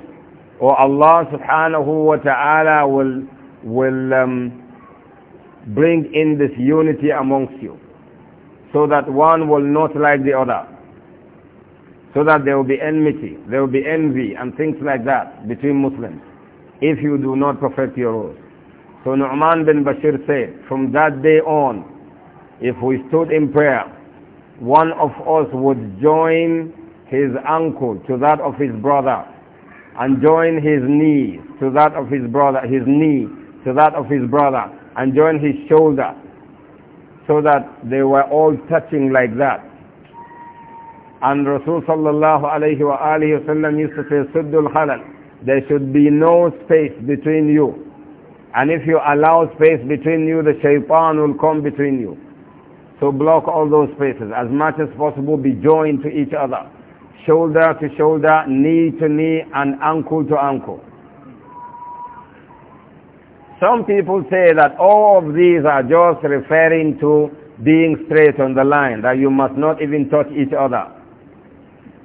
or Allah subhanahu wa ta'ala will, will um, bring in this unity amongst you so that one will not like the other so that there will be enmity there will be envy and things like that between Muslims if you do not perfect your rules. So Nu'man bin Bashir said, from that day on, if we stood in prayer, one of us would join his ankle to that of his brother and join his knee to that of his brother, his knee to that of his brother and join his shoulder so that they were all touching like that. And Rasulullah sallallahu alayhi wa used to say, Suddul halal, there should be no space between you and if you allow space between you, the shaitan will come between you. So block all those spaces. As much as possible, be joined to each other. Shoulder to shoulder, knee to knee, and ankle to ankle. Some people say that all of these are just referring to being straight on the line, that you must not even touch each other.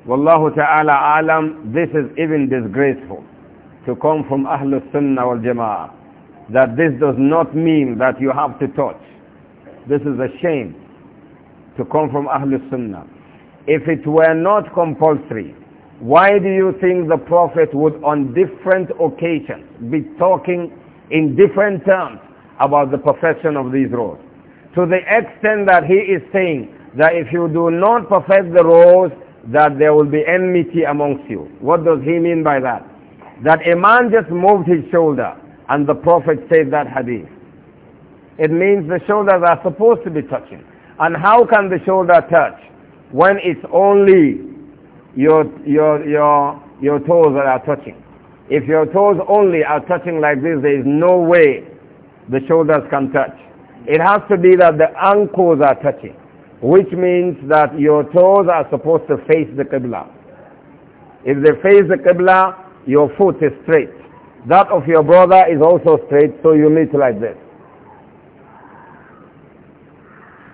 Wallahu ta'ala alam, this is even disgraceful to come from Ahlul Sunnah wal Jama'ah that this does not mean that you have to touch. This is a shame to come from Ahlul Sunnah. If it were not compulsory, why do you think the Prophet would on different occasions be talking in different terms about the perfection of these rows? To the extent that he is saying that if you do not perfect the rows, that there will be enmity amongst you. What does he mean by that? That a man just moved his shoulder and the Prophet said that hadith. It means the shoulders are supposed to be touching. And how can the shoulder touch when it's only your, your, your, your toes that are touching? If your toes only are touching like this, there is no way the shoulders can touch. It has to be that the ankles are touching, which means that your toes are supposed to face the Qibla. If they face the Qibla, your foot is straight. That of your brother is also straight, so you meet like this.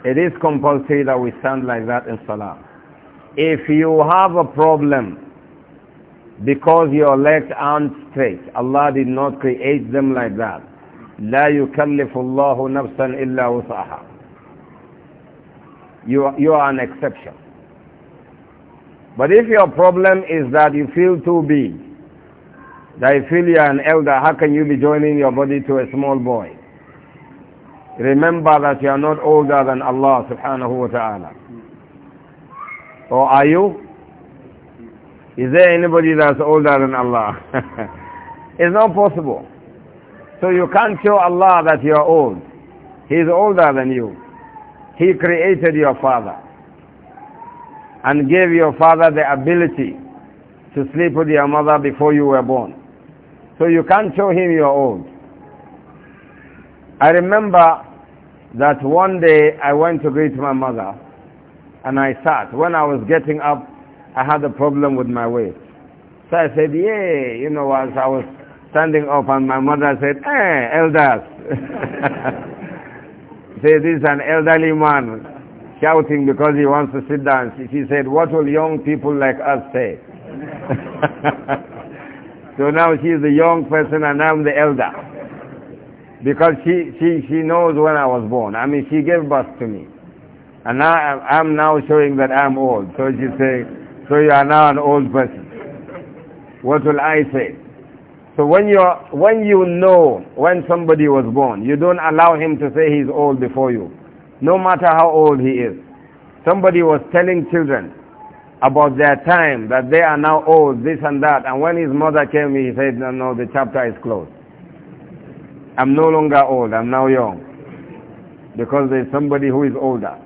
It is compulsory that we stand like that in Salah. If you have a problem because your legs aren't straight, Allah did not create them like that. لا يكلف الله نفسا إلا وسعها. You, are, you are an exception. But if your problem is that you feel too big, that and an elder, how can you be joining your body to a small boy? Remember that you are not older than Allah subhanahu wa ta'ala. Or are you? Is there anybody that's older than Allah? it's not possible. So you can't show Allah that you are old. He's older than you. He created your father and gave your father the ability to sleep with your mother before you were born. So you can't show him your old. I remember that one day I went to greet my mother and I sat. When I was getting up, I had a problem with my waist. So I said, yeah, you know, as I was standing up and my mother said, eh, elders. Say, this is an elderly man shouting because he wants to sit down. She said, what will young people like us say? So now she is the young person and I'm the elder. Because she, she, she knows when I was born. I mean, she gave birth to me. And now I'm now showing that I'm old. So she say, so you are now an old person. What will I say? So when, you're, when you know when somebody was born, you don't allow him to say he's old before you, no matter how old he is. Somebody was telling children, about their time, that they are now old, this and that. And when his mother came, he said, no, no, the chapter is closed. I'm no longer old, I'm now young. Because there's somebody who is older,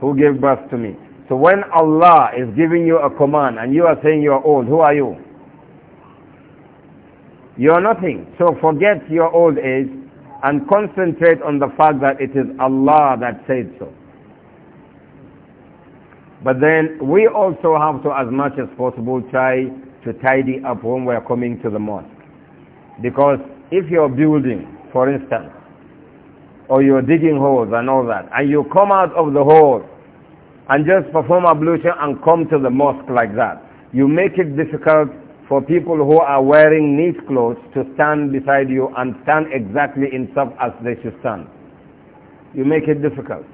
who gave birth to me. So when Allah is giving you a command and you are saying you are old, who are you? You are nothing. So forget your old age and concentrate on the fact that it is Allah that said so. But then we also have to, as much as possible, try to tidy up when we are coming to the mosque. Because if you're building, for instance, or you're digging holes and all that, and you come out of the hole and just perform ablution and come to the mosque like that, you make it difficult for people who are wearing neat clothes to stand beside you and stand exactly in sub as they should stand. You make it difficult.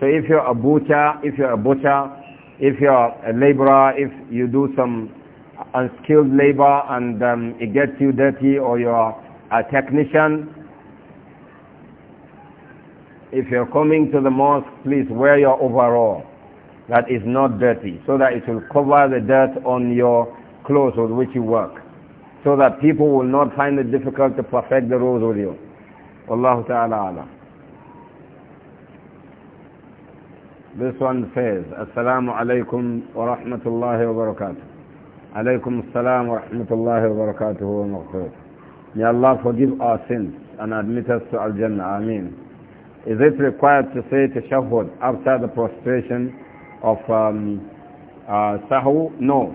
So if you're a butcher, if you're a butcher, if you're a laborer, if you do some unskilled labor and um, it gets you dirty or you're a technician, if you're coming to the mosque, please wear your overall that is not dirty so that it will cover the dirt on your clothes with which you work so that people will not find it difficult to perfect the rules with you. Allahu Ta'ala This one says, Assalamu alaikum wa rahmatullahi wa barakatuh. Alaikum assalam wa rahmatullahi wa barakatuh wa maghfirah. May Allah forgive our sins and admit us to Al-Jannah. Ameen. Is it required to say tashahud after the prostration of um, uh, sahu? No,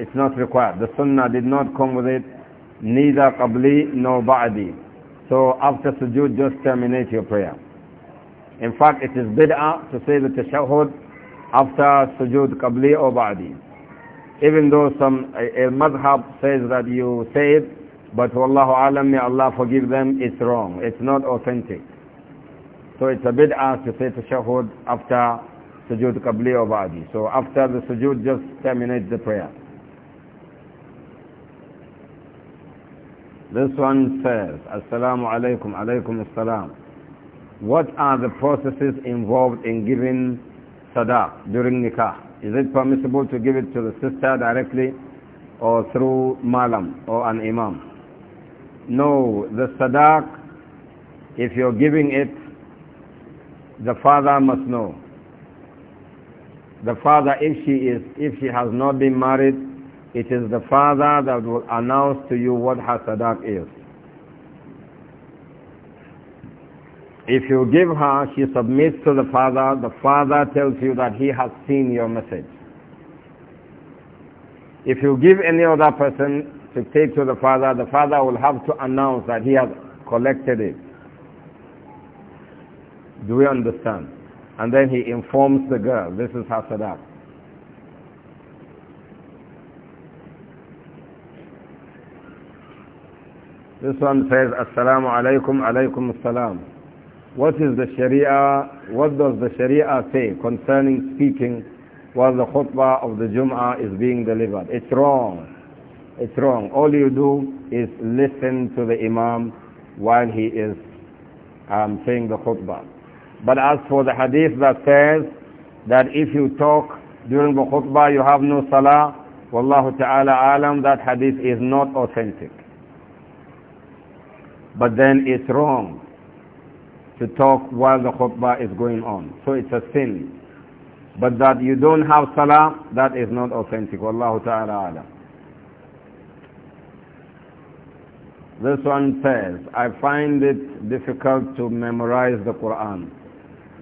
it's not required. The sunnah did not come with it, neither qabli nor ba'di. So after sujood, just terminate your prayer. In fact, it is bid'ah to say the tashahhud after sujood qabli or ba'di. Even though some a, madhab says that you say it, but wallahu alam, may Allah forgive them, it's wrong. It's not authentic. So it's a bid'ah to say tashahhud after sujood qabli or ba'di. So after the sujood, just terminate the prayer. This one says, Assalamu alaikum, alaikum assalam. What are the processes involved in giving sadaq during nikah? Is it permissible to give it to the sister directly or through malam or an imam? No, the sadaq, if you're giving it, the father must know. The father, if she is, if she has not been married, it is the father that will announce to you what her sadaq is. If you give her, she submits to the father. The father tells you that he has seen your message. If you give any other person to take to the father, the father will have to announce that he has collected it. Do we understand? And then he informs the girl, this is her sadaq. This one says, Assalamu alaikum, alaikum assalam. What is the Sharia, what does the Sharia say concerning speaking while the khutbah of the Jum'ah is being delivered? It's wrong. It's wrong. All you do is listen to the Imam while he is um, saying the khutbah. But as for the hadith that says that if you talk during the khutbah you have no salah, wallahu ta'ala alam, that hadith is not authentic. But then it's wrong to talk while the khutbah is going on. So it's a sin. But that you don't have salah, that is not authentic. Wallahu ta'ala This one says, I find it difficult to memorize the Quran.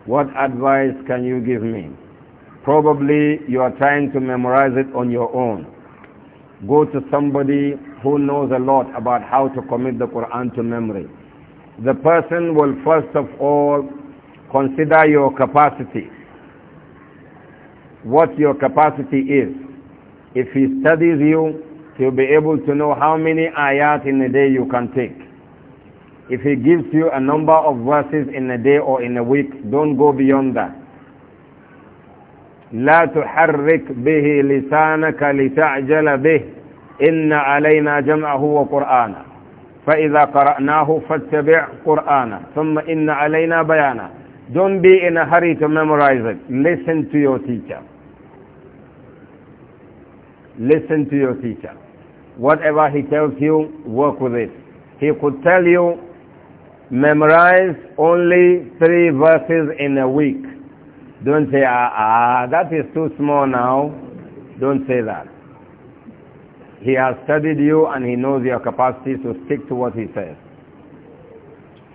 What advice can you give me? Probably you are trying to memorize it on your own. Go to somebody who knows a lot about how to commit the Quran to memory the person will first of all consider your capacity, what your capacity is. If he studies you, he'll be able to know how many ayat in a day you can take. If he gives you a number of verses in a day or in a week, don't go beyond that. لا تحرك به لسانك لتعجل به إن علينا جمعه وقرآنه فإذا قرأناه فاتبع قرآنا ثم إن علينا بيانا Don't be in a hurry to memorize it. Listen to your teacher. Listen to your teacher. Whatever he tells you, work with it. He could tell you, memorize only three verses in a week. Don't say, ah, ah, that is too small now. Don't say that. He has studied you and he knows your capacity, so stick to what he says.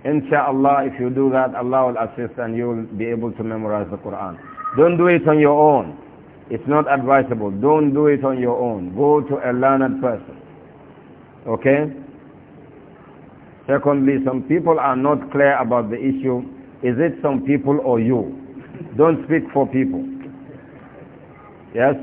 Insha'Allah, if you do that, Allah will assist and you will be able to memorize the Quran. Don't do it on your own. It's not advisable. Don't do it on your own. Go to a learned person. Okay? Secondly, some people are not clear about the issue. Is it some people or you? Don't speak for people. Yes?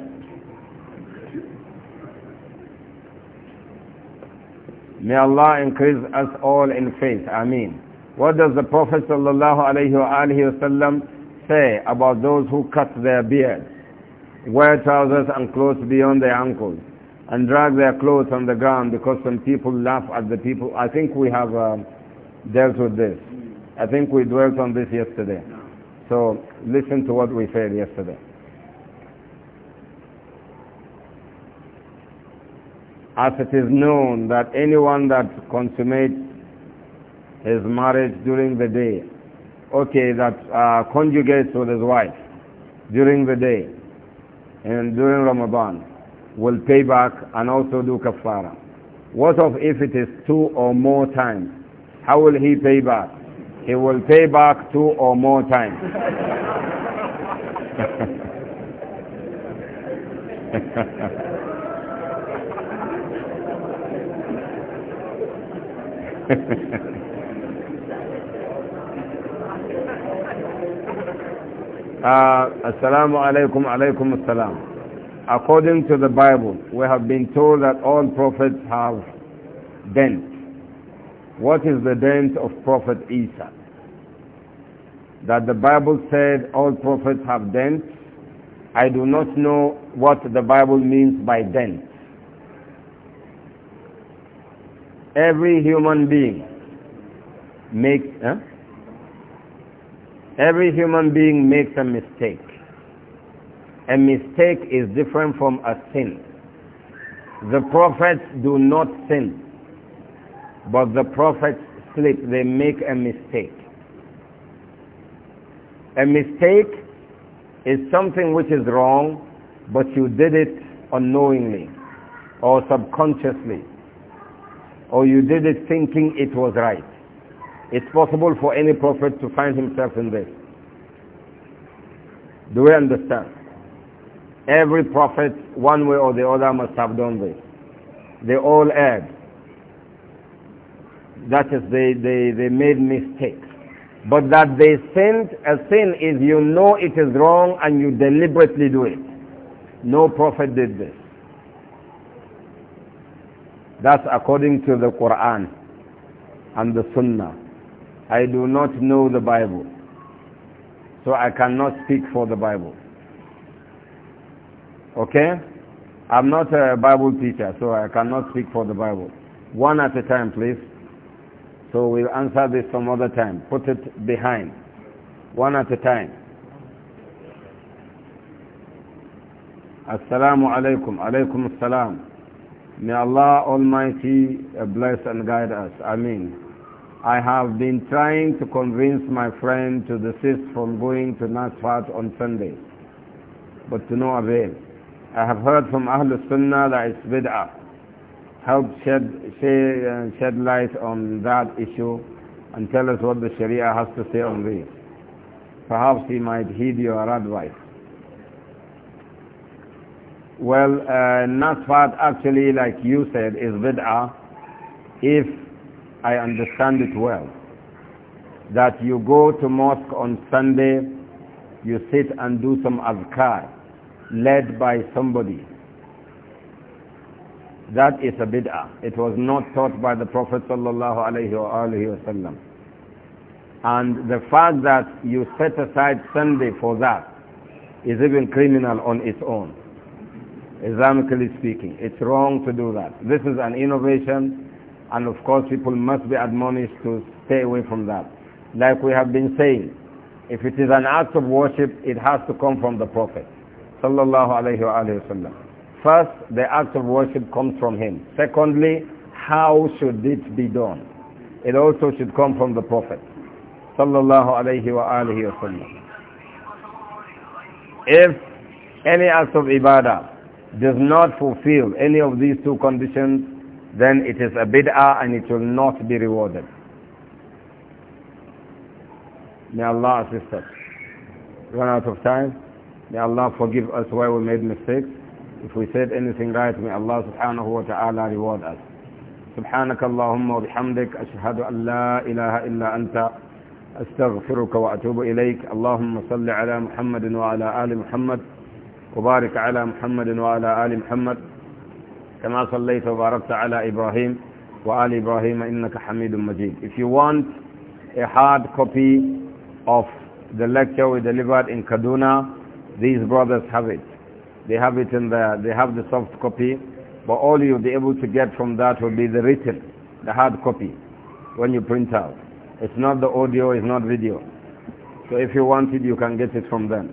May Allah increase us all in faith. Ameen. What does the Prophet ﷺ say about those who cut their beards, wear trousers and clothes beyond their ankles, and drag their clothes on the ground because some people laugh at the people? I think we have uh, dealt with this. I think we dwelt on this yesterday. So listen to what we said yesterday. as it is known that anyone that consummates his marriage during the day, okay, that uh, conjugates with his wife during the day and during Ramadan will pay back and also do kafara. What of if it is two or more times? How will he pay back? He will pay back two or more times. uh, assalamu alaikum alaikum assalam according to the Bible, we have been told that all prophets have dent. What is the dent of Prophet Isa? That the Bible said all prophets have dent. I do not know what the Bible means by dent. every human being makes every human being makes a mistake a mistake is different from a sin the prophets do not sin but the prophets slip they make a mistake a mistake is something which is wrong but you did it unknowingly or subconsciously or you did it thinking it was right. It's possible for any prophet to find himself in this. Do we understand? Every prophet, one way or the other, must have done this. They all erred. That is, they, they, they made mistakes. But that they sinned, a sin is you know it is wrong and you deliberately do it. No prophet did this. That's according to the Quran and the Sunnah. I do not know the Bible. So I cannot speak for the Bible. Okay? I'm not a Bible teacher, so I cannot speak for the Bible. One at a time, please. So we'll answer this some other time. Put it behind. One at a time. Assalamu alaikum. Alaikum assalam. May Allah Almighty uh, bless and guide us. Amen. I have been trying to convince my friend to desist from going to Nasfat on Sunday, but to no avail. I have heard from Ahlul Sunnah that it's bid'ah. Help shed, shed, uh, shed light on that issue and tell us what the Sharia has to say on this. Perhaps he might heed your advice. Well, uh, Nasfat actually, like you said, is bid'ah if I understand it well. That you go to mosque on Sunday, you sit and do some azkar led by somebody. That is a bid'ah. It was not taught by the Prophet sallallahu alaihi wasallam. And the fact that you set aside Sunday for that is even criminal on its own. Islamically speaking. It's wrong to do that. This is an innovation, and of course people must be admonished to stay away from that. Like we have been saying, if it is an act of worship, it has to come from the Prophet. Sallallahu alayhi wa First, the act of worship comes from him. Secondly, how should it be done? It also should come from the Prophet. Sallallahu alayhi wa If any act of ibadah does not fulfill any of these two conditions, then it is a bid'ah and it will not be rewarded. May Allah assist us. Run out of time. May Allah forgive us where we made mistakes. If we said anything right, may Allah subhanahu wa ta'ala reward us. سبحانك اللهم وبحمدك أشهد أن لا إله إلا أنت أستغفرك وأتوب إليك اللهم صل على محمد وعلى آل محمد وبارك على محمد وعلى آل محمد كما صليت وباركت على إبراهيم وآل إبراهيم إنك حميد مجيد If you want a hard copy of the lecture we delivered in Kaduna, these brothers have it. They have it in the, they have the soft copy, but all you'll be able to get from that will be the written, the hard copy, when you print out. It's not the audio, it's not video. So if you want it, you can get it from them.